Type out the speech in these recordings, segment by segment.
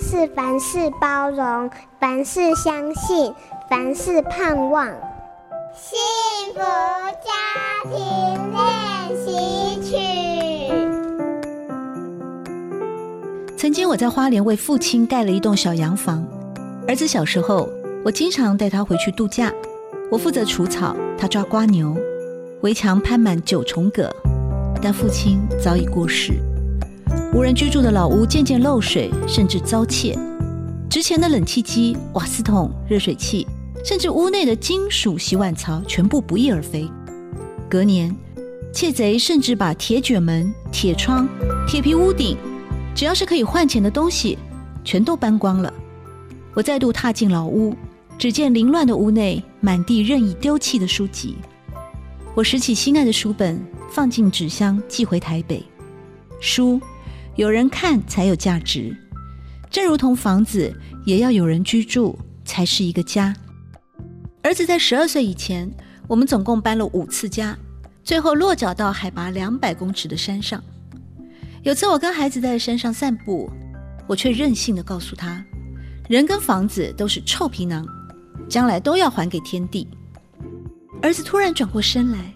是凡事包容，凡事相信，凡事盼望。幸福家庭練習曲。曾經我在花蓮為父親蓋了一棟小洋房，兒子小時候，我經常帶他回去度假，我負責除草，他抓蝸牛，圍牆攀滿九重葛，但父親早已過世。無人居住的老屋漸漸漏水，甚至遭竊。值錢的冷氣機、瓦斯桶、熱水器，甚至屋內的金屬洗碗槽，全部不翼而飛。隔年，竊賊甚至把鐵卷門、鐵窗、鐵皮屋頂，只要是可以換錢的東西，全都搬光了。我再度踏進老屋，只見凌亂的屋內滿地任意丟棄的書籍。我拾起心愛的書本，放進紙箱寄回台北。書。有人看才有價值，正如同房子也要有人居住才是一個家。兒子在十二歲以前，我們總共搬了五次家，最後落腳到海拔兩百公尺的山上。有次我跟孩子在山上散步，我卻任性地告訴他：“人跟房子都是臭皮囊，將來都要還給天地。”兒子突然轉過身來，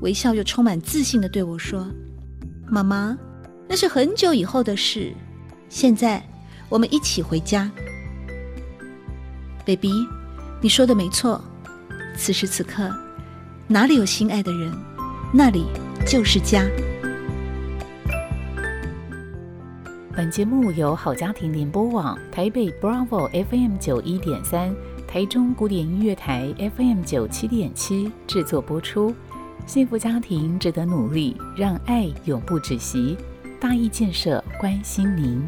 微笑又充滿自信地對我說：“媽媽。”那是很久以後的事。現在，我們一起回家，baby。你說的沒錯，此時此刻，哪裡有心愛的人，那裡就是家。本節目由好家庭聯播網、台北 Bravo FM 九一點三、台中古典音樂台 FM 九七點七制作播出。幸福家庭值得努力，讓愛永不止息。大義建設關心您。